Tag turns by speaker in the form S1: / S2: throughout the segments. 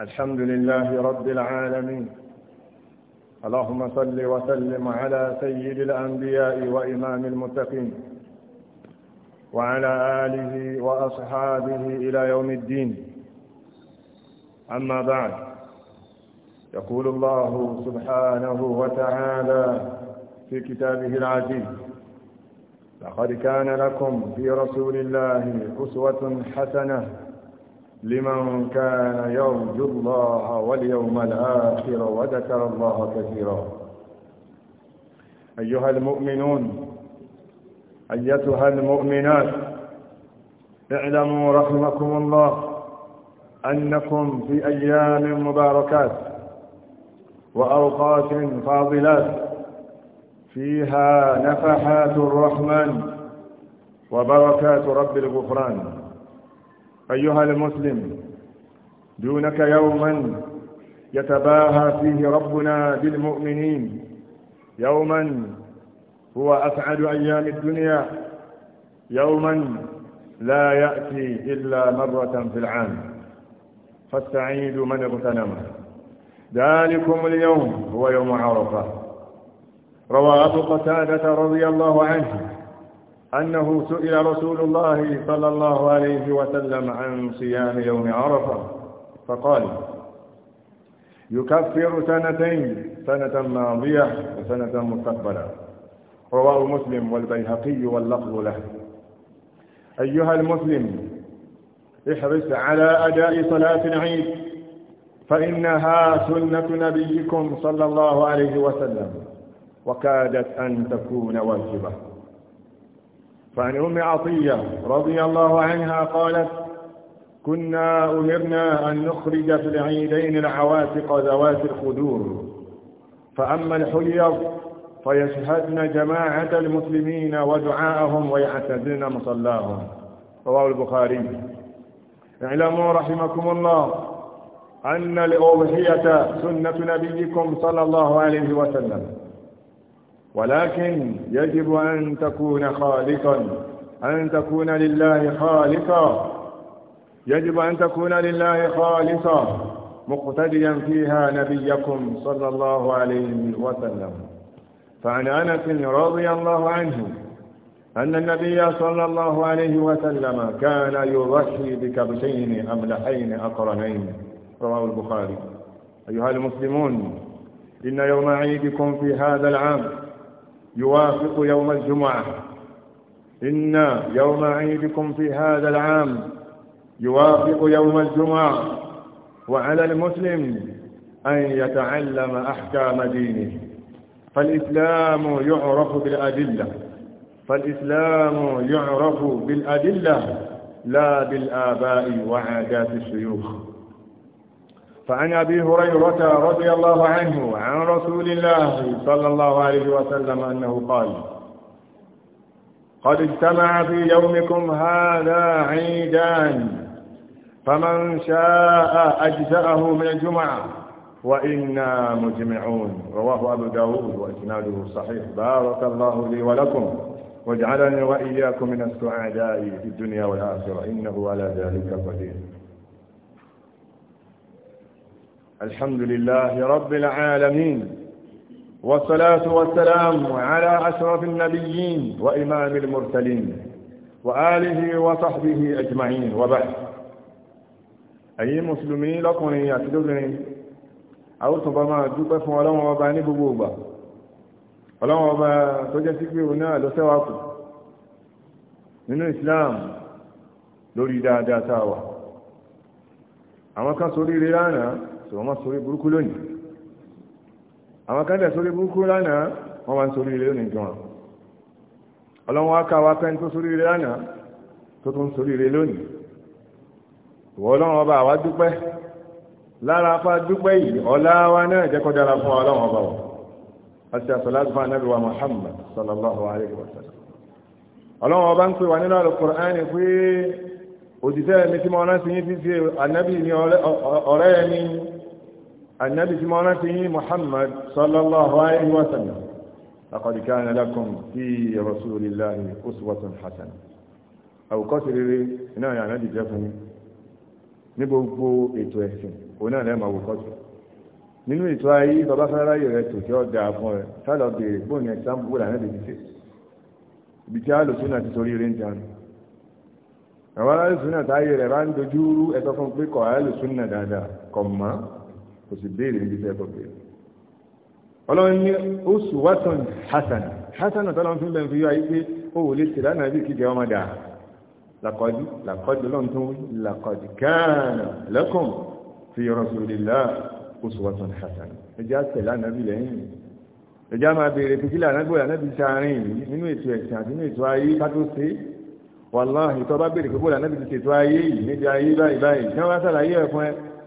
S1: الحمد لله رب العالمين اللهم صل وسلم على سيد الأنبياء وإمام المتقين وعلى آله وأصحابه إلى يوم الدين أما بعد يقول الله سبحانه وتعالى في كتابه العزيز لقد كان لكم في رسول الله أسوة حسنة لمن كان يرجو الله واليوم الآخر وذكر الله كثيرا أيها المؤمنون أيتها المؤمنات اعلموا رحمكم الله أنكم في أيام مباركات وأوقات فاضلات فيها نفحات الرحمن وبركات رب الغفران أيها المسلم دونك يوما يتباهى فيه ربنا بالمؤمنين يوما هو أسعد أيام الدنيا يوما لا يأتي إلا مرة في العام فاستعيد من اغتنم ذلكم اليوم هو يوم عرفة روى أبو قتادة رضي الله عنه أنه سئل رسول الله صلى الله عليه وسلم عن صيام يوم عرفة فقال يكفر سنتين سنة ماضية وسنة مستقبلة رواه مسلم والبيهقي واللفظ له أيها المسلم احرص على أداء صلاة العيد فإنها سنة نبيكم صلى الله عليه وسلم وكادت أن تكون واجبة فعن أم عطية رضي الله عنها قالت كنا أمرنا أن نخرج في العيدين العواتق ذوات الخدور فأما الحليض فيشهدن جماعة المسلمين ودعاءهم ويعتزلن مصلاهم رواه البخاري اعلموا رحمكم الله أن الأضحية سنة نبيكم صلى الله عليه وسلم ولكن يجب أن تكون خالقا أن تكون لله خالقا يجب أن تكون لله خالصا مقتديا فيها نبيكم صلى الله عليه وسلم فعن أنس رضي الله عنه أن النبي صلى الله عليه وسلم كان يضحي بكبشين أملحين أقرنين رواه البخاري أيها المسلمون إن يوم عيدكم في هذا العام يوافق يوم الجمعة إن يوم عيدكم في هذا العام يوافق يوم الجمعة وعلى المسلم أن يتعلم أحكام دينه فالإسلام يعرف بالأدلة فالإسلام يعرف بالأدلة لا بالآباء وعادات الشيوخ فعن أبي هريرة رضي الله عنه عن رسول الله صلى الله عليه وسلم أنه قال قد اجتمع في يومكم هذا عيدان فمن شاء أجزأه من الجمعة وإنا مجمعون رواه أبو داود وإسناده صحيح بارك الله لي ولكم واجعلني وإياكم من السعداء في الدنيا والآخرة إنه على ذلك قدير الحمد لله رب العالمين والصلاة والسلام على أشرف النبيين وإمام المرسلين وآله وصحبه أجمعين وبعد أي مسلمين لقني يعتدرني أو تبما دوبة فولون وباني ببوبة فولون وبا توجسك هنا لسواك من الإسلام لوري دادا أما كان سوري لنا sọ̀rọ̀ mọ́ sórí burúkú lónìí àwọn kan dẹ̀ sórí burúkú lánàá wọ́n wá ń sórí ilé lónìí gan ọlọ́wọ́n aká wa pẹ́ tó sórí ilé lánàá tó tún sórí ilé lónìí ìwọ ọlọ́wọ́n ọba àwa dúpẹ́ lára apá dúpẹ́ yìí ọlá wa náà jẹ́ kọjá la fún ọlọ́wọ́n ọba wọn àti ọlọ́wọ́n ọba ń pè wá nínú al pé òjìṣẹ́ mi tí mo rántí yín fi ṣe ànábì ní ọ̀rẹ́ mi النبي سمانته محمد صلى الله عليه وسلم لقد كان لكم في رسول الله أسوة حسنة أو قصر هنا يا نبي جفني nígbogbo ètò ẹ̀sìn òun náà lẹ́mọ̀ àwòkọ́sù nínú ètò ayé bàbá fẹ́ráyè rẹ̀ tò tí ó dáa fún rẹ̀ sálọ béèrè bóun yẹn sáà búrò àná lèbi tè ibi tí a lò sínú àti torí rẹ̀ ń jan àwọn aláìsùn náà táyé rẹ̀ bá ń dojú ẹ̀sọ́ fún pé kọ̀ aláìsùn náà dáadáa kọ̀ mọ́ kò sì béèrè níbi tẹ́ ẹ̀kọ́ béèrè ọlọ́run ní oṣù watan hasan hasan ọ̀tọ́ lọ́n fi bẹ́ẹ̀ fi yọ ayé pé ó wò lè tẹ̀lé ànábì kíkẹ́ ọmọ dà làkọ́dí làkọ́dí lọ́n tó làkọ́dí káàna lakum fi rasulillah oṣù watan hasan ẹjá tẹ̀lé ànábì lẹ́yìn ẹjá máa béèrè pé kílẹ̀ ànábì ànábì sàárín nínú ètò ẹ̀sìn àti nínú ètò ayé bá ṣe wàláhì tó bá béèrè pé bóòlù ti ṣètò ayé yìí níbi ayé báyìí báyìí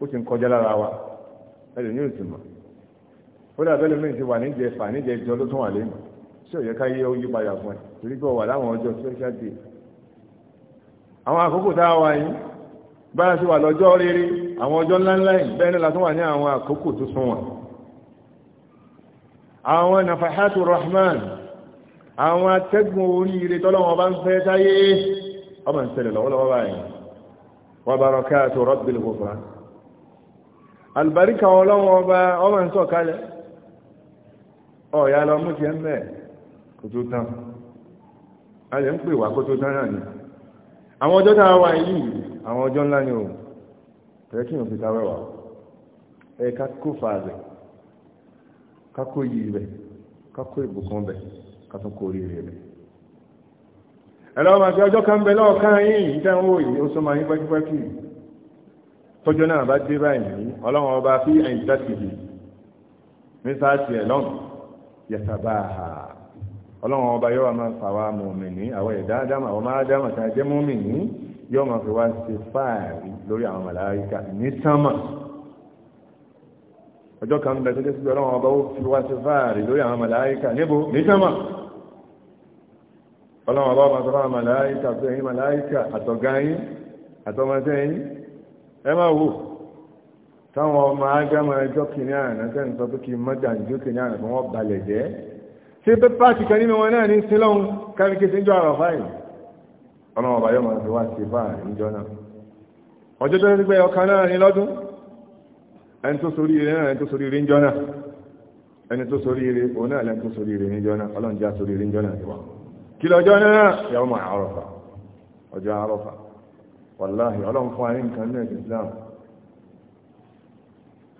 S1: ó ti ń kọjá lára wa ẹlò ní òsì mọ̀ ó dà bẹ́ẹ̀ lómi ti wà ní jẹ fà ní jẹ jọ ló tún wà lẹ́nu sí òye ká yẹ oyí padà fún ẹ torí pé wà láwọn ọjọ́ special day àwọn àkókò tá a wà yìí bára sí wà lọ́jọ́ rere àwọn ọjọ́ ńláńlá yìí bẹ́ẹ̀ ni látún wà ní àwọn àkókò tó sún wọn àwọn nafahatu rahman àwọn atẹ́gùn oríire tọ́lọ́wọ́n bá ń fẹ́ táyé ọmọ ìṣẹ̀lẹ̀ lọ́wọ́lọ́wọ́ báyìí wọ́n bá rọ káàtó rọ́bìlì gbogbo Albarika ọlọ́wọ́ ọba ọmọ ń sọ̀kalẹ̀ ọ̀yà lọ mú ti ẹ́ mẹ́ kò tó tán a lè ń pè wá kó tó tán náà ni àwọn ọjọ́ tàà wà yìí àwọn ọjọ́ ńlá ni o pẹ̀lẹ́ kí n ẹ kákó fa rẹ̀ kákó yìí rẹ̀ kákó ìbùkún bẹ̀ kátó kó rí rẹ̀ ẹ̀rọ ọmọ àti ọjọ́ kan bẹ lọ́ọ̀kan yìí ìtẹ́wọ́ yìí ó sọ tọ́jọ́ náà bá dé báyìí ọlọ́run ọba fi ẹ̀yìn dátìlì ní sáàtì ẹ̀ lọ́n yẹ̀sàbá ha ọlọ́run ọba yóò máa fà wá mùmìnì àwọn ẹ̀dá ádámà ọmọ ádámà tí a jẹ́ mùmìnì yóò máa fi wá ṣe fáàrí lórí àwọn màláíkà ní sánmà ọjọ́ kan bẹ tó jẹ́ ọlọ́run ọba ó fi wá ṣe fáàrí lórí àwọn màláíkà níbo ní sánmà ọlọ́run ọba ọmọ sọ fáwọn màláíkà àtọ̀gáyín àtọmọsẹ́yìn ẹ máa wò táwọn ọmọ agámọ ẹjọ́ kìíní àná tẹ́ ń sọ pé kí n mọ́jà ìjó kìíní àná fún wọn balẹ̀ jẹ́ ṣé pépà ti kan nínú wọn náà ní sílọ́hún káríkì sí ń jọ àrọ̀ fáìlì ọ̀nà ọ̀bà yóò máa fi wá sí fáà níjọ náà ọjọ́ tó ń gbé ọkàn náà ní lọ́dún ẹni tó sorí ire náà ẹni tó sorí ire níjọ náà ẹni tó sorí ire òun náà lẹ́ni tó sorí ire níjọ náà ọlọ́run já sorí ire níjọ náà ti wá kí lọ́jọ́ náà yàwó máa àrọ̀fà ọjọ́ àrọ̀fà wàláhì ọlọ́run fún ayé nǹkan náà ní islam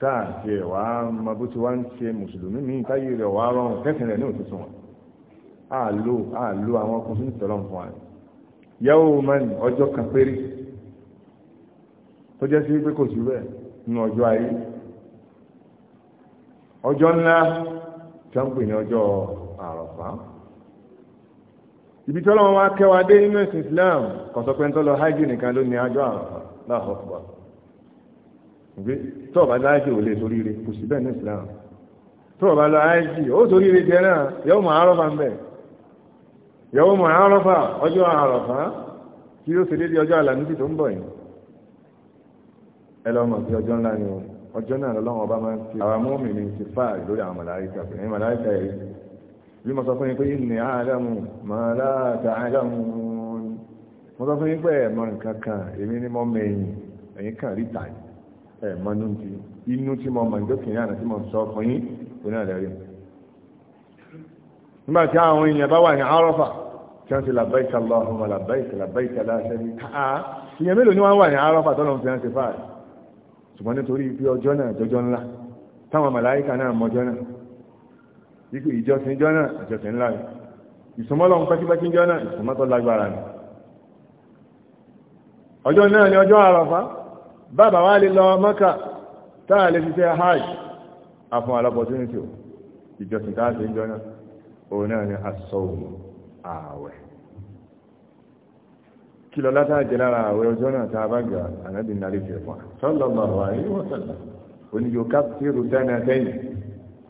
S1: táà ṣe wà á ma bó ti wá ń ṣe mùsùlùmí mi táyé rẹ̀ wà á rọrùn tẹ́sìn rẹ̀ ní òtútù wọn á lò á lò àwọn ọkùnrin tó ń fún ayé yàwó mẹ́rin ọjọ́ kan péré tó jẹ́ sí pé kò sí bẹ́ẹ̀ nínú ọjọ́ ayé ọjọ́ ńlá tí wọ́n ń pè ní ọjọ́ àrọ̀fà ibi tí ọlọ́wọ́n wá kẹwàá dé nínú ẹ̀sìn Islam kò sọ pé ń tọ́lọ hajj nìkan ló ní ajọ́ àràfà láàfọ́ pọ̀ ìgbé tó ọ̀bá lọ hajj ò lè torí rẹ̀ kò sí bẹ́ẹ̀ ní Islam tó ọ̀bá lọ hajj ó torí rẹ̀ jẹ́ náà yóò mọ̀ àrọ́fà ń bẹ̀ yóò mọ̀ àrọ́fà ọjọ́ àràfà kí ó ṣe dédé ọjọ́ àlàmísì tó ń bọ̀ yìí ẹ lọ mọ̀ sí ọjọ́ ńlá ni ọjọ́ náà lọ́wọ́ ọba máa ń fi àwọn mọ́mìnì ti fáà lórí bí mo sọ fún yín pé inni a'lamu ma la ta'lamun mo sọ fún yín pé ẹ̀mọ nǹkan kan èmi ni mo mẹ́yìn ẹ̀yìn kan rí tàyè ẹ̀mọ inú ti inú tí mo mọ̀ ìjókòó àná tí mo sọ fún yín kò náà lẹ́rìí nígbà tí àwọn èèyàn bá wà ní Arafa tí wọ́n ti labbaika Allahumma labbaika labbaika la sharika lak ìyẹn mélòó ni wọ́n wà ní Arafa tọ́lọ́ fi hàn sí fáàlì ṣùgbọ́n nítorí pé ọjọ́ náà jọjọ́ ńlá táwọn màláíkà náà mọjọ́ náà wípé ìjọsìn ìjọ náà ìjọsìn ńlá ni ìsúnmọ́lọ́ pátápátá ìjọ náà ìsúnmọ́tọ́ lágbára ni ọjọ́ náà ni ọjọ́ àràfá bàbá wá lè lọ mọ́kà táà lè ṣiṣẹ́ hajj afún alọ́pọ̀túnítì ìjọsìn táà sí ìjọ náà òun náà ni asọ́wò ààwẹ̀ kí lọ látà jẹ lára ààwẹ̀ ọjọ́ náà tàà bá gbà ànábì nàrí fẹ̀fà sọ́lọ́mọ̀ àwọn àríwọ̀sọ̀lá oníyókàpítì rúdánà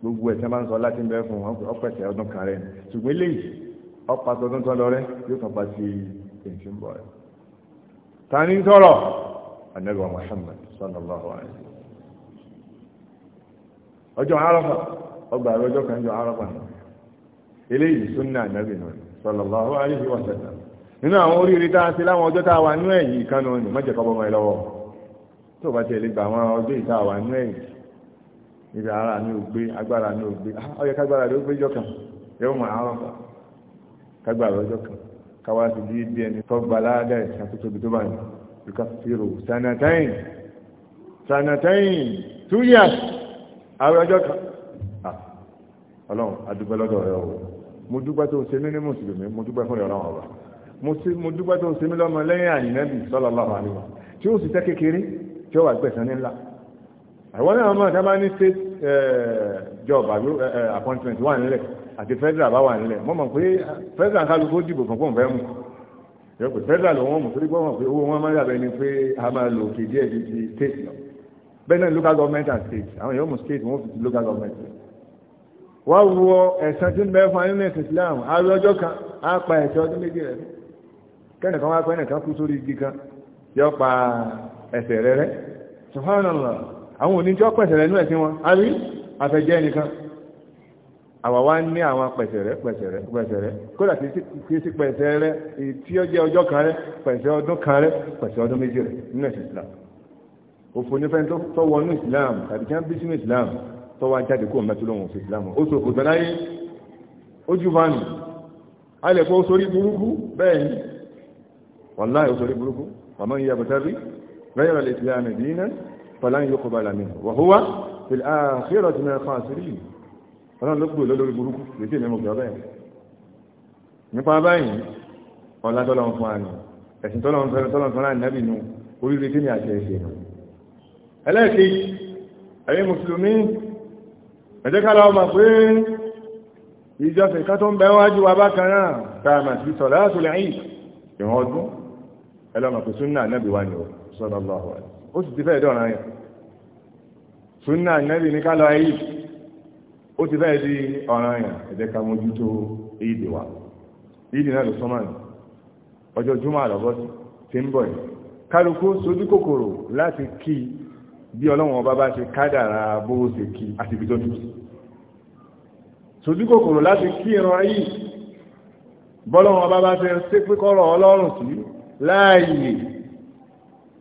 S1: gbogbo ẹ̀ tí wọ́n bá ń sọ láti ń bẹ́ fún ọpẹ̀sẹ̀ ọdún kan rẹ̀ ṣùgbọ́n eléyìí lọ rẹ̀ yóò sí bọ̀ ta ni ń sọ̀rọ̀ anabi Muhammad sallallahu alayhi wa sallam ọjọ́ Àrafà ọgbà rẹ̀ ọjọ́ kan jọ náà eléyìí súnà anabi náà sallallahu alayhi wa sallam nínú àwọn oríire tá a ṣe láwọn ọjọ́ tá a wà ibi ara ni ò gbé agbára ni ò gbé ah, ó yẹ kágbára rẹ ó gbé jọkàn yóò mọ àwọn ọkọ kágbára ọjọ́ kan káwá sí bí bí ẹni tó gba tó bá sanatain sanatain two years àwọn ọjọ́ kan ah, ọlọ́run adúgbò lọ́dọ̀ rẹ o mo dúpẹ́ tó ṣe mí ní mùsùlùmí mo dúpẹ́ fún ìrọ̀rùn ọba mo dúpẹ́ tó ṣe mí tí ó sì kékeré tí ó wà ní ńlá àwọn náà mọ̀ tá bá ní state job appointment wà nílẹ̀ àti federal bá wà nílẹ̀ mo mọ̀ pé federal kálukú dìbò kan fún ìfẹ́ mu yọ̀pù federal lọ́wọ́ mọ̀ torí gbọ́mọ̀ pé owó wọn máa yàbẹ̀ ni pé a máa lò òkè díẹ̀ ju ti state lọ bẹ́ẹ̀ náà local government and state àwọn yóò mú state wọ́n fi ti local government wá wọ ẹ̀sán tí ń bẹ fún ayélujára ẹ̀sìn Islam àrùn ọjọ́ kan á pa ẹ̀sẹ̀ ọdún méjì rẹ̀ kẹ́nìkan wá pẹ́ nìkan kú sórí igi kan yọ pa ẹ̀sẹ̀ rẹ̀ rẹ̀ subhanallah àwọn òní tí ó pẹ̀sẹ̀rẹ̀ inú ẹ̀sìn wọn àbí afẹ́jẹ́ nìkan àwa wá ní àwọn pẹ̀sẹ̀rẹ̀ pẹ̀sẹ̀rẹ̀ pẹ̀sẹ̀rẹ̀ kódà kì í sí pẹ̀sẹ̀rẹ̀ tí ó jẹ́ ọjọ́ kan rẹ̀ pẹ̀sẹ̀ ọdún kan rẹ̀ pẹ̀sẹ̀ ọdún méjì rẹ̀ nínú ẹ̀sìn Islam òfò nífẹ́ tó Islam tàbí kí wọ́n bí Islam tó wá jáde kó mẹ́tò lóhun òfin Islam ó sọ kò sọ́láyé ó jù fánù alẹ́pọ̀ ó sórí burúkú bẹ́ẹ̀ ni wàláì rẹ́yọ̀rọ̀ lè ti falan yuqbala minhu wa huwa fil akhirati minal khasirin ọlọ́run ló gbò lórí burúkú lèsì ìmọ̀ ìjọ bẹ́ẹ̀ nípa báyìí ọlá tọ́lọ́run fún àná ẹ̀sìn tọ́lọ́run fẹ́rẹ́ tọ́lọ́run fẹ́rẹ́ ànábì nù oríire tí ní àṣẹ ẹ̀ṣẹ̀ nù ẹlẹ́ẹ̀kejì ẹ̀yin mùsùlùmí ẹ̀jẹ̀ ká lọ́wọ́ mọ̀ pé ìjọsìn ká tó ń bẹ wájú wa bákan náà tá a mà sí sọ̀rọ̀ àtúlẹ̀ ó sì ti fẹ́ dọ̀ràn yẹn sunna nẹ́bì ní ká lọ ayé ó ti fẹ́ di ọ̀ràn yẹn ẹ jẹ́ ká mójútó ìdè wa ìdè náà ló sọ́mà ní ọjọ́ júmọ̀ àlọ́bọ̀ ti ń bọ̀ yìí kálukú sojú kòkòrò láti kí bí ọlọ́run ọba bá ṣe kádàrà bó ṣe kí àti ibi tó dùn sojú kòkòrò láti kí ìran ayé bọ́lọ́run ọba bá ṣe ṣépé kọ́rọ̀ ọlọ́run sí láàyè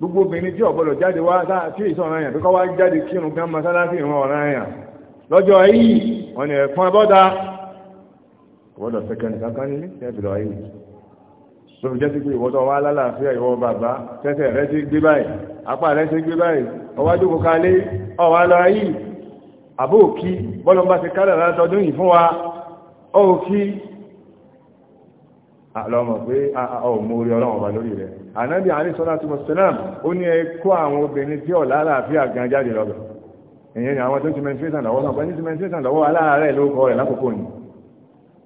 S1: gbogbo obìnrin tí ọ̀gbọ́dọ̀ jáde wá tí ìsọ̀ ọ̀ràn yàn tó kọ́ wá jáde kírun gan masalasi ìran ọ̀ràn yàn lọ́jọ́ ayé ọ̀nà ẹ̀fọn abọ́dá ọ̀gbọ́dọ̀ sẹ́kẹ̀ndì kankan nílé tẹ́bìlọ̀ ayé tó fi jẹ́ sí pé ìwọ́tọ̀ wá lálàáfíà ìwọ bàbá tẹ́sẹ̀ rẹ ti gbé báyìí apá rẹ ti gbé báyìí ọwájú kò kalé ọwá lọ ayé àbó òkí bọ́lọ́ bá ti kálẹ̀ látọdún yìí fún wa ó òkí àlọ́mọ̀ pé ọ̀ọ́ mórí ọlọ́run ọba lórí rẹ̀ ànábì àrí sọ́lá tó mọ̀sílám ó ní ẹkọ́ àwọn obìnrin tí ọ̀lá àlàáfíà gan jáde lọ́dọ̀ ìyẹn ni àwọn tó ti menstruation lọ́wọ́ náà pẹ̀lú ti menstruation lọ́wọ́ aláàárẹ̀ ló kọ rẹ̀ lákòókò ni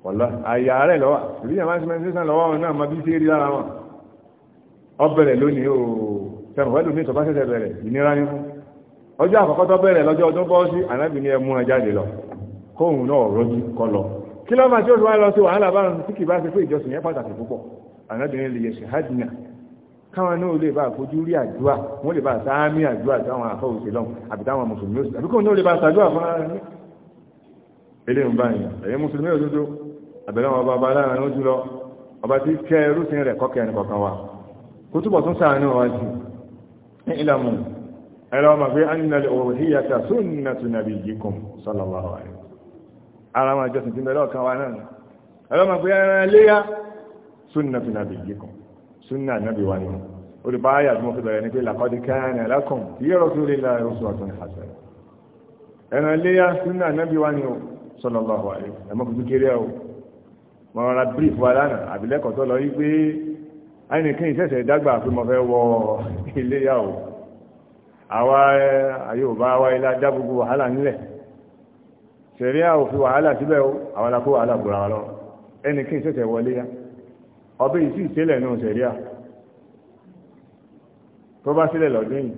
S1: wọ́lá àyà rẹ̀ lọ́wọ́ ìbí àwọn ti menstruation lọ́wọ́ náà máa bí sí rí lára wọn ọ bẹ̀rẹ̀ lónìí o tẹ̀mù pẹ̀lú mi tọ́ba ṣẹ̀ṣẹ̀ bẹ̀rẹ̀ ìnira ní fún ọjọ́ àkọ́kọ́ tó bẹ̀rẹ̀ lọ́jọ́ ọdún bọ́ sí ànábì ni ẹ mú ẹ jáde lọ kóhùn náà kí lọ́mà tí ó lọ́wọ́ lọ sí wàhálà bá ń tí kì bá ṣe pé ìjọsìn yẹn pàtàkì púpọ̀ ànábì lè yẹ ṣe hajjina káwọn náà lè bá àfojú rí àdúrà wọ́n lè bá sáámi àdúrà táwọn àfọwò sí lọ́wọ́ àbí táwọn mùsùlùmí òsì àbíkò náà lè bá sàdúrà fún ara rẹ̀ ilé ń bá yìí ẹ̀yẹ mùsùlùmí òdodo àbẹ̀lẹ̀ wọn bá láàrin lójú lọ ọba tí kẹ rúfin rẹ̀ kọ́kẹ́ ẹni kọ̀kan wa kó túbọ̀ tún sáàánú wa sí ní ìlàmù ẹ̀rọ ọmọ máa jọ sì ti mẹ́lọ́ kan wa náà ẹ̀rọ ọmọ pé súnà nábì wa ni ó lè bá àyà tí mo fi bẹ̀rẹ̀ ni pé làkọ́dí kana lakum fi rasulillahi uswatun hasanah ẹ̀ràn iléyà súnà nábì wa ni ó sallallahu alaihi ẹ̀mọ́ fi kékeré o mo rọra brief wa lánàá àbílẹ́kọ̀ tó lọ yí pé ẹnìkan ìṣẹ̀ṣẹ̀ dágbà pé mo fẹ́ wọ iléyà o àwa àyòbá wa ilá dá gbogbo wàhálà nílẹ̀ ṣẹ̀ríà òfin wàhálà síbẹ̀ o àwọn alákó wàhálà bùra wa lọ wọlé yá ọbẹ̀ yìí sì sílẹ̀ náà sẹ̀ríà tó bá sílẹ̀ lọ́dún yìí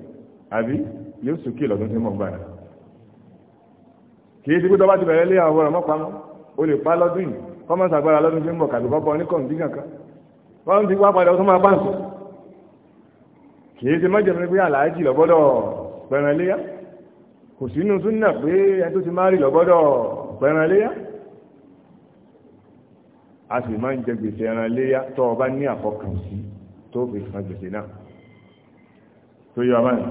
S1: àbí yóò sókè lọ́dún tí mọ̀ ń báyà kìí ti kú tó bá ti bẹ̀rẹ̀ lé àwọn ọmọ pamọ́ o lè pa lọ́dún yìí kọ́mọ́ sàgbára lọ́dún tí ń bọ̀ kàbí kọ́kọ́ ní kọ̀ǹdíṣàn kan wọ́n ti wá padà ọtọ́ máa a sì máa ń jẹ gbèsè ẹran léyá tó o bá ní àfọkànsí tó fi san gbèsè náà tó yọ ọmọ yìí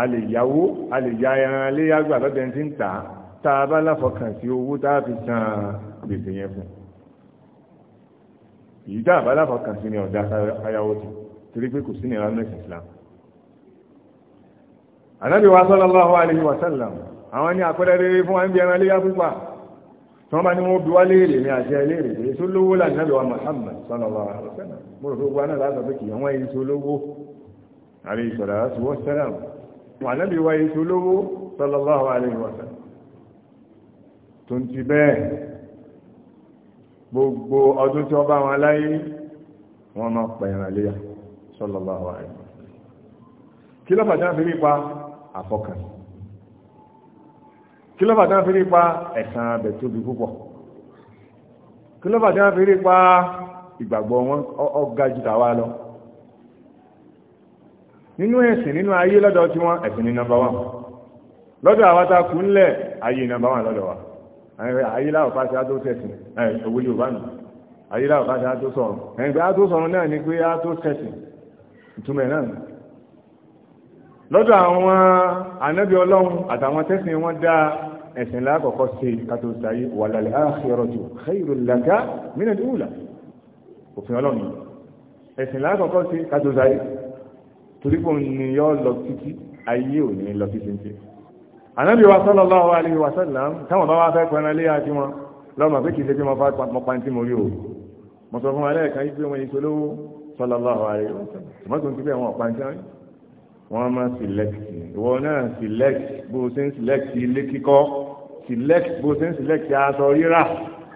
S1: a lè yáwó a lè ya ẹran léyá gbà lọ́dẹ̀ tí ń tà á tá a bá láfọkànsí owó tá a fi san gbèsè yẹn fún ìyí tá a bá láfọkànsí ni ọ̀dà ayáwó ti torí pé kò sí ní ìlànà ìsìn Islam Ànábì wa sallallahu alaihi wa àwọn ní àpẹẹrẹ fún wa ń bí ẹran léyá púpà tí wọ́n bá ní wọ́n bí wá léèrè ní àṣẹ léèrè èyí tó lówó láti náà lọ́wọ́ Muhammad sallallahu alaihi wasallam mo rò tó gba náà láti ọ̀fẹ́ kì í wọ́n èyí tó lówó àrí ìṣọ̀rọ̀ àti wọ́n sẹ́rà wà náà bí wá èyí tó lówó sallallahu alaihi wasallam tó ń ti bẹ́ẹ̀ gbogbo ọdún tí wọ́n bá wọn láyé wọ́n máa pẹ̀yàn léyà sallallahu alaihi wasallam kí lọ́pàá kí ló bá tán fi rí pa ẹ̀sán abẹ̀ tóbi púpọ̀ kí ló bá tán fi rí pa ìgbàgbọ́ wọn ọ̀gá jù tàwa lọ nínú ẹ̀sìn nínú ayé lọ́dọ̀ tí wọ́n ẹ̀sìn ní nọ́mbà wọn lọ́dọ̀ àwa ta kú ńlẹ̀ ayé nọ́mbà wọn lọ́dọ̀ wa ayé láwọ̀ pàṣẹ àtó sẹ̀sìn ẹ̀ owó yóò bá nù ayé láwọ̀ pàṣẹ àtó sọ̀rọ̀ ẹ̀ ń gbé àtó sọ̀rọ̀ náà ni pé àtó sẹ̀sìn ìtumẹ̀ náà lọ́dọ̀ àwọn ànábì ọlọ́run àtàwọn tẹ́sìn wọn dá ẹ̀sìn lákọ̀ọ́kọ́ sí kátó sáyé wà lálẹ́ àṣírọ̀jù khairul laka mínà dúwùlà òfin ọlọ́run ẹ̀sìn lákọ̀ọ́kọ́ sí kátó sáyé torí kò ní yọ lọ títí ayé ò ní lọ títí ti ànábì wa sallallahu alaihi wa sallam táwọn bá wá fẹ́ pẹran lé àti wọn lọ́mọ pé kìí ṣe pé mo fa mọ́pa mo rí o mo sọ fún wa lẹ́ẹ̀kan yí pé wọ́n yí solówó sallallahu alaihi wa sallam mọ́tò ń wọ́n máa select ìwọ náà select bó o ṣe ń select ilé kíkọ́ select bó o ṣe ń select aṣọ rírà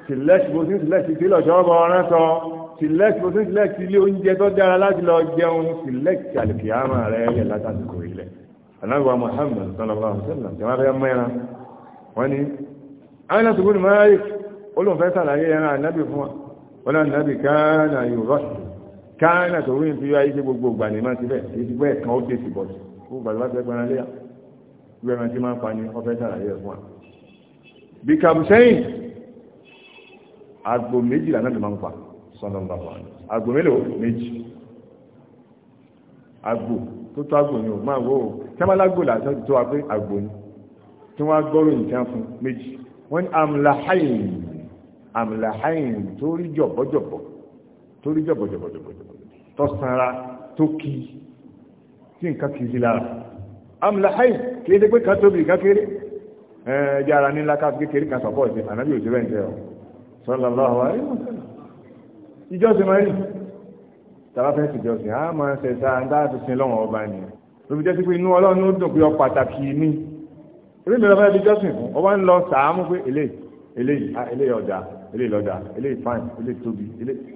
S1: select bó o ṣe ń select ìtìlọ̀ ṣọ́ọ̀bọ̀ ọ̀rán sọ select bó o ṣe ń select ilé oúnjẹ tó dára láti lọ jẹun select àlùkìyàmà rẹ yẹ látàkùkọ ilẹ̀ anáwó Muhammad sallallahu alaihi wasallam jẹ́ wọ́n fẹ́ mẹ́ra wọ́n ní àwọn ìṣòwò ni máa rí olùfẹ́ sàlàyé ẹran ànábì fún wa wọ́n náà ànábì káà náà yóò rọ́ọ̀sì káànà tó rí nítorí ayé ṣe gbogbo ìgbà ní máa ti bẹ́ẹ̀ èyí ti bẹ́ẹ̀ kan ó dé sí bọ́ọ̀sì gbogbo ìgbà tó bá fẹ́ gbọ́n lé ìwé ẹran tí máa ń pani ọfẹ́ sàlàyé ẹ̀ fún wa. bí kàbùsẹ́yìn àgbò méjìlá náà ló máa ń pa sọ́nà ń bá wa àgbò mélòó méjì àgbò tó tó àgbò ni ò máa wò ó tẹ́málágbò làtọ́ tó wa pé àgbò ni tí wọ́n á gbọ́rò nìkan fún méjì wọ́n ní àmlàháyìn àmlàháyìn tó rí jọ̀bọ̀jọ̀bọ̀ torí jọ̀bọ̀jọ̀bọ̀jọ̀bọ̀ tọ́sára tó kí tí nǹkan kìí sí lára amìláhàì kìí dé pé ká tóbi ká kéré ẹ̀ẹ́dẹ́ ara nílá ká kékeré kan sọ̀pọ̀ ìṣe ànábì òjò bẹ́ẹ̀ ń tẹ́ ọ sallallahu alaihi wasallam ìjọsìn máa ń rìn tàbá fẹ́ sì jọsìn á máa ń ṣẹ̀ṣà ń dá àtúnṣe lọ́wọ́ ọba ni lóbi jẹ́ sí pé inú ọlọ́run ó dùn pé ọjà eléyìí lọ́jà eléyìí fáìn eléyìí tóbi eléyìí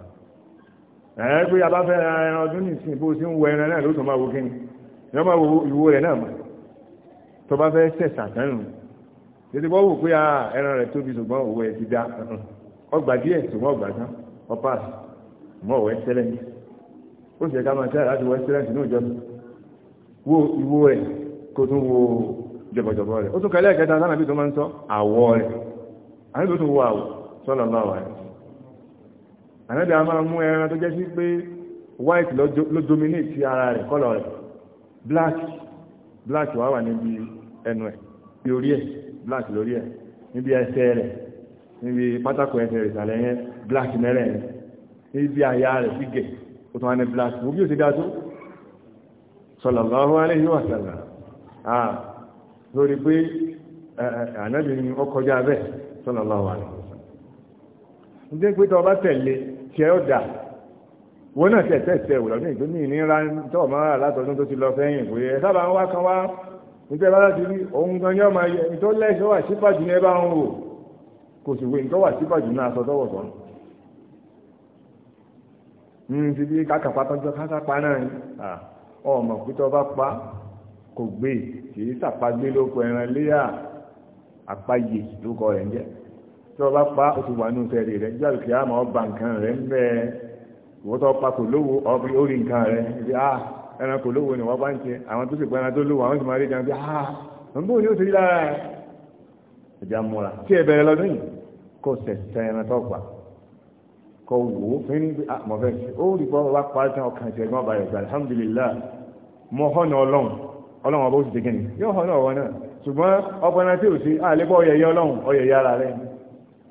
S1: ẹ̀ẹ́ pé yàbá fẹ́ ẹran ọdún si bó sí ń wọ ẹran náà ló tó máa wo kíni yọ máa wo ìwo rẹ̀ náà tó bá fẹ́ sẹ̀sà tánù wò pé ẹran rẹ̀ tóbi ṣùgbọ́n òwò ẹ̀ ti dá ọgbà díẹ̀ ṣùgbọ́n ọgbà tán mọ́ ó sì máa láti náà wo rẹ̀ kó tún wo jọ̀bọ̀jọ̀bọ̀ rẹ̀ ó tún kẹ́lẹ́ ànábì a máa mú ẹran tó jẹ́ sí pé white ló dominate ara rẹ̀ kọ́lọ̀ rẹ̀ black black wà wà níbi ẹnu ẹ̀ bí orí ẹ̀ black lórí ẹ̀ níbi ẹsẹ̀ rẹ̀ níbi pátákó ẹsẹ̀ rẹ̀ ìsàlẹ̀ yẹn black mẹ́rẹ̀ ẹ̀ níbi àyà rẹ̀ gígẹ̀ ó tún wá ní black mo bí ó ti dá tó sallallahu alayhi wa sallam ah lórí pé ànábì ọkọjá bẹ́ẹ̀ sallallahu alayhi wa sallam ń dé pé tọ́ bá tẹ̀lé tiẹ̀ ó dà wọn náà tẹ̀ tẹ̀ tẹ̀ wùlọ́ ní ìpínlẹ̀ ìnira tó ọmọ rà látọdún tó ti lọ fẹ́yìn pé ẹ sábà ń wá kan wá níta bá láti rí òun gan yọ máa yẹ tó lẹ́sẹ̀ wà sípàjù ní ẹ bá ń wò kò sì wé nǹkan wà sípàjù náà sọ tọwọ́ sọ ní ti bí kákàpá tọ́jú kákàpá náà ni ọmọ pítọ́ bá pa kò gbé kì í sàpagbé lóko ẹran léyà àpáyé lóko rẹ̀ ń jẹ́ tí wọ́n bá pa oṣù wà nínú tẹ̀lé rẹ̀ nígbà tí a máa ba nǹkan rẹ̀ ń bẹ́ ìwọ́n tó pa kò lówó ọbí orí nǹkan rẹ̀ ibi a ah, ẹran kò lówó ni wọ́n bá ń tẹ àwọn tó sì pa ẹran lówó àwọn sì máa rí jẹun bí a ń bụ ni ó ọ lára ẹ̀ múra tí ẹ bẹ̀rẹ̀ lọ́dún yìí kò ẹran tó ọba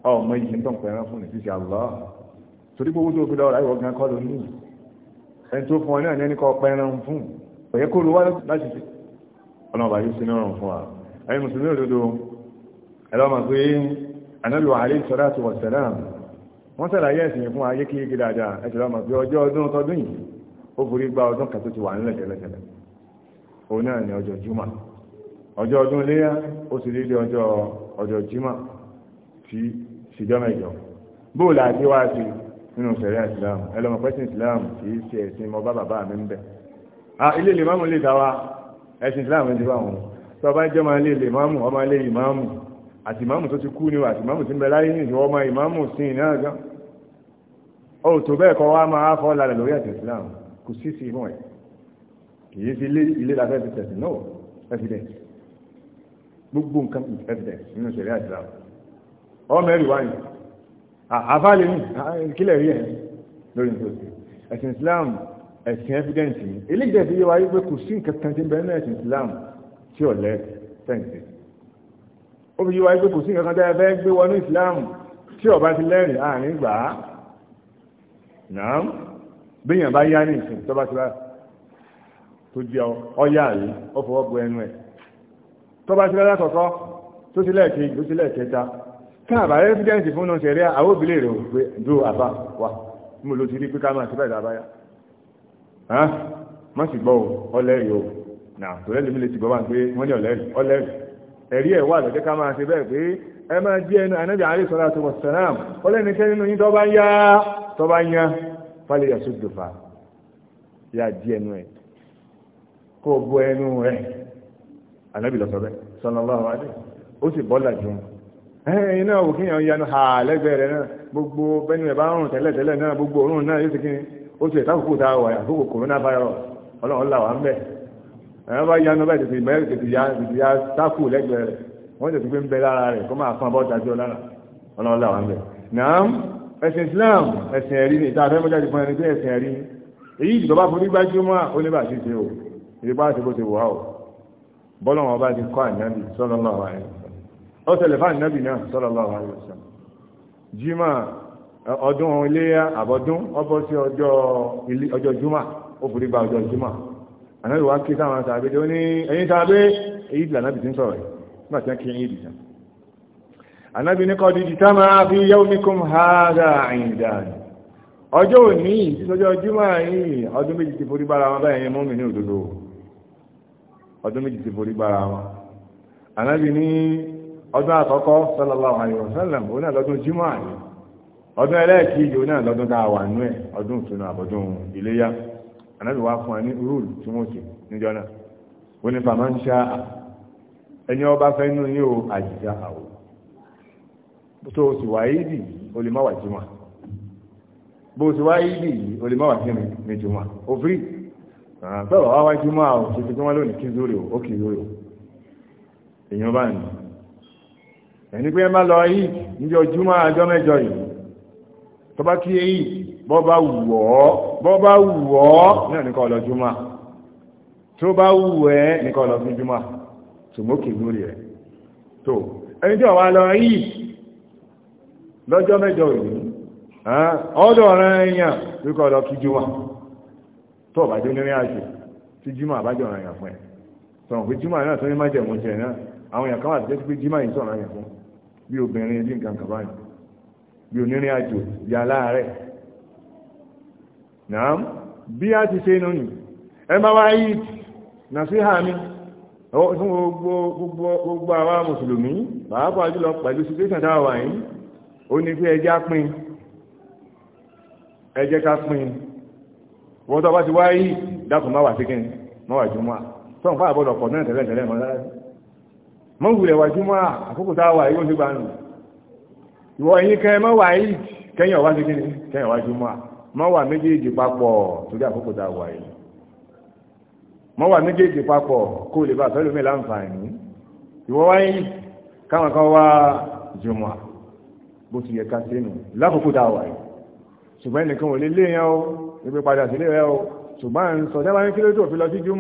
S1: ọmọ yìí tó ń pẹ̀rán fún ìfíṣẹ́ àlọ́ torí gbogbo tó gbọ́dọ̀ ráyọ̀ gan kọ́ ló ní ẹni tó fún ọ náà ní kọ́ pẹ̀rán fún pẹ̀yẹ kó ló wá láti fi ọlọ́ọ̀bà yóò sí náà fún wa ẹ̀yin mùsùlùmí òdodo ẹlọ́mà pé anábìwà alẹ́ sọ́dá tó wọ̀ wọ́n ẹ̀sìn fún ayé kí igi dáadáa pé ọjọ́ ọdún síjọ́ mẹ́jọ bóòlù àti wá sí nínú sẹ̀rẹ́ ìsìláàmù ẹlọ́mọ pẹ́sìn ìsìláàmù kì í ṣe ẹ̀sìn mọ bá bàbá mi ń bẹ̀. ilé lè máàmù lè dá wa ẹ̀sìn ìsìláàmù ti bá wọn tó o bá jẹ́ ọmọ ilé lè máàmù ọmọ ilé ìmáàmù àti ìmáàmù tó ti kú ni àti ìmáàmù ti ń bẹ láyé ní ìwọ ọmọ ìmáàmù sí iná gan. ó tó bẹ́ẹ̀ kọ́ wa máa fọ́ lálẹ́ lórí ẹ̀sìn ìsìláàmù kò sí sí ìmọ̀ ẹ̀ kì í ṣe ilé la fẹ́ fi tẹ̀sìn náà evidence gbogbo ọ mẹ́rin wá ní àfáàlì ní kílẹ̀ rí ẹ̀ lórí nítorí ẹ̀sìn Islam ẹ̀sìn evidence ni eléjẹ̀ fi yé wa wípé kò sí nǹkan tí ń ẹ̀sìn Islam tí ò lẹ́ tẹ̀sí ó fi yé wa wípé kò sí nǹkan kan tí a fẹ́ gbé wọnú Islam tí ó bá ti lẹ́rìn àárín gbà á náà bíyàn bá yá ní ìsìn tó bá ti bá tó jẹ ọyá yìí ó fọwọ́ bu ẹnu ẹ̀ tó bá ti lẹ́rìn àkọ́kọ́ tó ti lẹ́ẹ̀kejì tó ti lẹ́ẹ̀kẹta káàbà rẹ́fídẹ́ǹsì fún náà ṣẹ̀rí àwọn òbílẹ̀ rẹ̀ pé dó àbá wa mo ló ti rí pé ká máa síbẹ̀ dábáyá má sì gbọ́ o lè ti gbọ́ pé wọ́n ní ẹ̀rí ẹ̀ wà lọ́jọ́ ká máa ṣe bẹ́ẹ̀ pé ẹ máa jí ẹnu anábì àárẹ̀ sọ́lá tó wọ̀ ọlẹ́nikẹ́ nínú yín tọ́ba yá tọ́ba yá fálẹ̀ yàtú yá jí ẹnu ẹ̀yìn náà wò kíyàn yanu ha lẹ́gbẹ̀ẹ́ rẹ̀ náà gbogbo bẹ́ni rẹ̀ bá ń rùn tẹ́lẹ̀ tẹ́lẹ̀ náà gbogbo òórùn náà yóò ti kíni ó ti ẹ̀ta kòkó ta wà àkókò corona virus ọlọ́run là wà ń bẹ̀ ẹ̀yìn bá yanu bẹ́ẹ̀ tètè bẹ́ẹ̀ tètè ya tètè ya sáfù lẹ́gbẹ̀ẹ́ rẹ̀ wọ́n tètè gbé ń bẹ lára rẹ̀ kó máa fún abọ́ dájọ́ lára ọlọ́run là wà ń bẹ̀ nàám ẹ̀sìn Islam ẹ̀sìn ẹ̀rí ni ìta afẹ́mọ́já ti fún ẹni pé ẹ̀sìn ẹ̀rí èyí ìjọba forí gbájúmọ́ oníbà ti ṣe o ìrìpá àti bó ti ó tẹ̀lẹ̀ fáà nẹ́bì náà sallallahu alaihi wasallam jímà ọdún iléyà àbọ̀dún ọbọ̀ sí ọjọ́ júmà ó forí ba ọjọ́ júmà ànábì wá kí sáwọn tàbí tó ní ẹ̀yìn tàbí èyí ìdìlà náà bì tí ń sọ̀rọ̀ yìí nígbà tí wọ́n kí ẹ̀yìn ìdìjà ànábì ní kọ́ọ̀dì ìdìtà máa fi yawmikum hadha àìyìndàní ọjọ́ òní ìsọ́jọ́ júmà yìí ọdún méjì ti forí bára wọn báyẹn mọ́mì ní òdodo ọdún méjì ti forí bára wọn ànábì ní ọdún àkọ́kọ́ sallallahu alaihi wasallam òun náà lọ́dún jímọ̀ àní ọdún ẹlẹ́ẹ̀kejì òun náà lọ́dún dáa wà nú ẹ̀ ọdún ìtùnú àbọ̀dún iléyá ànábì wá fún ẹ ní rúùlù tí wọ́n ti níjọ́ náà wọ́n ní fàmà ń ṣá ẹni ọba fẹ́ nú ní o àjíjá àwò ni jímọ̀ o fi ẹni pé má lọ yìí níbi ojúmọ́ àjọ mẹ́jọ yìí tó bá kí èyí bọ́ bá wù ọ́ bọ́ bá wù ọ́ náà ní kó lọ júmọ́ tó bá wù ẹ́ ní kó lọ fún júmọ́ tòmókè lórí ẹ̀ tó ẹni tí ọ̀wá lọ yìí lọ́jọ́ mẹ́jọ yìí ọ̀dọ̀ ọ̀rẹ́ èèyàn ní kó lọ kí júmọ́ tó bá jẹ́ onírìn àjò tí júmọ́ àbájọ ọ̀rẹ́ èèyàn fún ẹ̀ sọ̀rọ̀ pé júmọ́ àwọn èèyàn kan wà tó jẹ́ pé júmọ́ yìí sọ̀rọ̀ èèyàn fún bí obìnrin ní nǹkan kàbá yìí bí onírìn àjò bí aláàárẹ̀ náà bí a ti ṣe inú nì ẹ bá wá yìí nà sí hàmí fún gbogbo àwa mùsùlùmí pàápàá jùlọ pẹ̀lú situation tá a wà yìí ó ní pé ẹjẹ́ pín ẹjẹ́ ká pín wọ́n tó bá ti wá yìí dákùn má wà sí kí má wà jùmọ́ à sọ́n fáà bọ́dọ̀ pọ̀ náà tẹ́lẹ̀ tẹ́lẹ̀ mọ́ láti mọ́wùlẹ̀ wà júmọ́ àkókò tá wà yóò ti gbà nù ìwọ ẹ̀yin kẹ́ mọ́ wà yìí kẹ́yìn ọ̀wá ti kíni kẹ́yìn wá júmọ́ mọ́ wà méjèèjì papọ̀ torí àkókò tá wà yìí mọ́ wà méjèèjì papọ̀ kó lè bá fẹ́lú mi láǹfààní ìwọ wá yìí káwọn kan wá jùmọ̀ bó ti yẹ ká sínú lákòókò tá wà yìí ṣùgbọ́n ẹnìkan ò lè léèyàn o ìgbé padà sílé rẹ o ṣùgbọ́n à ń ní kí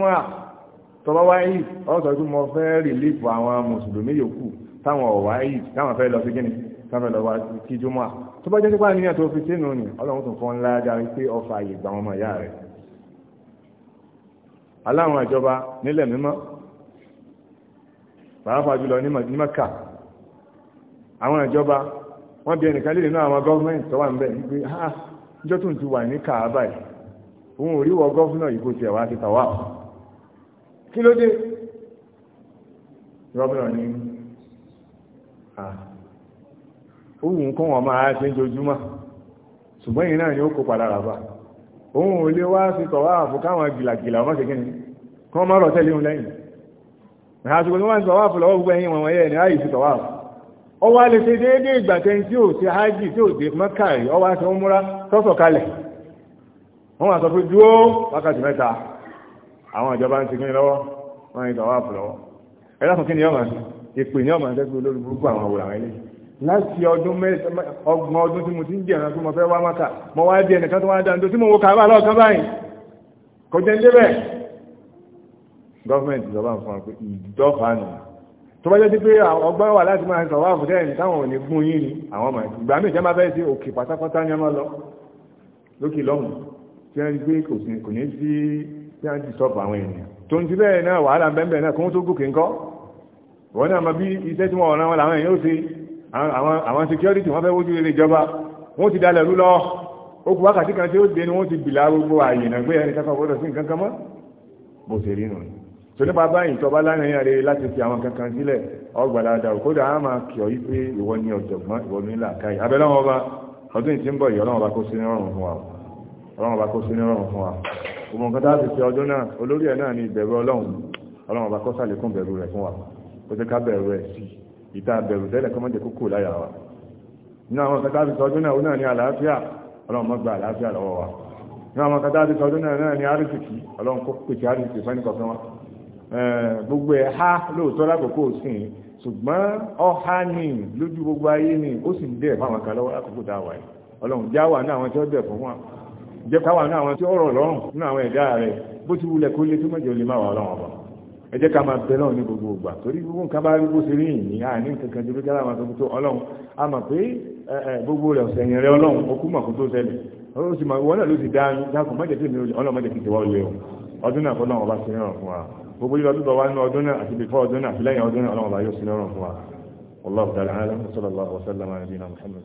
S1: tọba wá yìí ọ̀sọ̀ tó mọ fẹ́ rìlífù àwọn mùsùlùmí yòókù táwọn ọ̀wá yìí táwọn fẹ́ lọ sí gíní táwọn lọ wá kí jọmọ́ tó bá jẹ́ sípá níyàn tó fi sínú ni ọlọ́run tó fọ́n ńlá dárí pé ọfà àyè gba ọmọ ìyá rẹ̀ aláwọn ìjọba nílẹ̀ mímọ́ pàápàá jùlọ ní mẹ́kà àwọn ìjọba wọ́n bí ẹnìkan lè nínú àwọn gọ́ọ̀mẹ́ntì tó wà ń bẹ̀ wípé ha ìjọ tó ń ti wà ní kàábà yìí òun ò rí wọ gọ́ọ̀fúnà yìí kò tiẹ̀ wá ti tàwa kí ló dé rọ́bìnà ní òun nǹkan wọn máa ṣe jojúmọ́ ṣùgbọ́n yìí náà ni ó kò padà ràbà òun ò lè wá sí tọ̀wá àfò káwọn gìlàgìlà ọmọ ṣe kíni má rọ̀ lẹ́yìn àsìkò tí wọ́n ń tọ̀wá àfò lọ́wọ́ gbogbo ẹ̀yìn wọn wọ̀nyẹ́ ni sí tọ̀wá àfò ó wá lè ṣe déédéé àwọn ìjọba ń segin lọ́wọ́ wọ́n ń tọ́wọ́ àfọlọ́wọ́ ẹ lọ́kùn kí ni ọmọ ìpè ní ọmọ ẹgbẹ́ olórí burúkú àwọn òwúrọ̀ àwọn eléyìí láti ọdún ọgbọ̀n ọdún tí mo ti ń jẹ́ ẹ̀ràn tó mọ̀ fẹ́ wá mọ́ta mọ́ wá di ẹnìkan tó wá dáńdó tí mo wo kàbá lọ́ọ̀kan báyìí kò jẹ́ débẹ̀ gọ́ọ̀mẹ̀ntì ìjọba fún ọ pé ìdọ́fà nù tó bá jẹ́ sí pé ọgbọ́n wà láti máa sọ wá fún ẹ̀yìn táwọn ò ní gún yín ni àwọn ọmọ ìgbà míì jẹ́ máa fẹ́ sí òkè pátápátá ní ọmọ lọ lókè lọ́hùn tí wọ́n rí pé kò ní sí tí a ń ti sọ́pù àwọn ènìyàn tó ń ti bẹ́ẹ̀ náà wàhálà bẹ́ẹ̀ náà kó tó gòkè ńkọ́ wọ́n náà ma bí iṣẹ́ tí wọ́n ọ̀ràn wọn làwọn èèyàn ó ṣe àwọn security wọ́n fẹ́ wójú ilé ìjọba wọ́n ti dalẹ̀ rú lọ ó kù wákàtí kan tí ó dé ni wọ́n ti bìlà gbogbo ààyè náà gbé ẹni kankan gbọ́dọ̀ sí nǹkan kan mọ́ bó ṣe rí nù tó nípa báyìí tọba láàrin rẹ láti fi àwọn kankan sílẹ̀ ọgbàládà òkódà á máa kì ọ yí pé ìwọ ni ọ̀jọ̀gbọ́n ìwọ ni làákàyè abẹ́lẹ́wọ̀n ọba ọdún ìtí ń bọ̀ ìyọ́lọ́wọ̀n ọba kó sí ní ọrùn fún wa ọlọ́run ọba kó sí ní ọrọ̀ fún wa gbogbo nǹkan tá a ti ṣe ọdún náà olórí ẹ̀ náà ni ìbẹ̀rù ọlọ́run ọlọ́run ọba kó sàlékún bẹ̀rù rẹ̀ fún wa ó jẹ́ ká bẹ̀rù rẹ̀ sí ìta bẹ̀rù tẹ́lẹ̀ kọ́ mọ́jẹ́ kókó láyà wa nínú àwọn kan tá a ti ṣe ọdún náà ó náà ní àlàáfíà ọlọ́run mọ́ gba àlàáfíà lọ́wọ́ wa nínú àwọn kan tá a ti wa gbogbo ẹ̀ há lóòótọ́ lákòókò sìn ṣùgbọ́n ọ̀há ní lójú gbogbo ayé ní ó sì ń dẹ̀ fáwọn kan lọ́wọ́ lákòókò tá ọlọ́run jáwà náà àwọn tí ó dẹ̀ fún wa jẹ́ káwà ní àwọn tí ó rọ̀ lọ́rùn ní àwọn ẹ̀dá rẹ̀ bó ti wulẹ̀ kó lé tó mẹ́jọ lè máa wà ọlọ́run ọba ẹ jẹ́ ká máa bẹ náà ní gbogbo ìgbà torí gbogbo nǹkan bá rí bó ṣe rí ìní àní nǹkan jẹ́ káwà tó tó ọlọ́run a mọ̀ pé gbogbo rẹ̀ ọ̀sẹ̀ yẹn rẹ̀ ọlọ́run ó mọ̀ kó tó ṣẹlẹ̀ wọ́n ló ti dá dákùn mọ́jẹ̀ tí ọlọ́run mọ́jẹ̀ kìí ti wọ́n lé o ọdún náà kọ́lọ́run الله وسلم على نبينا محمد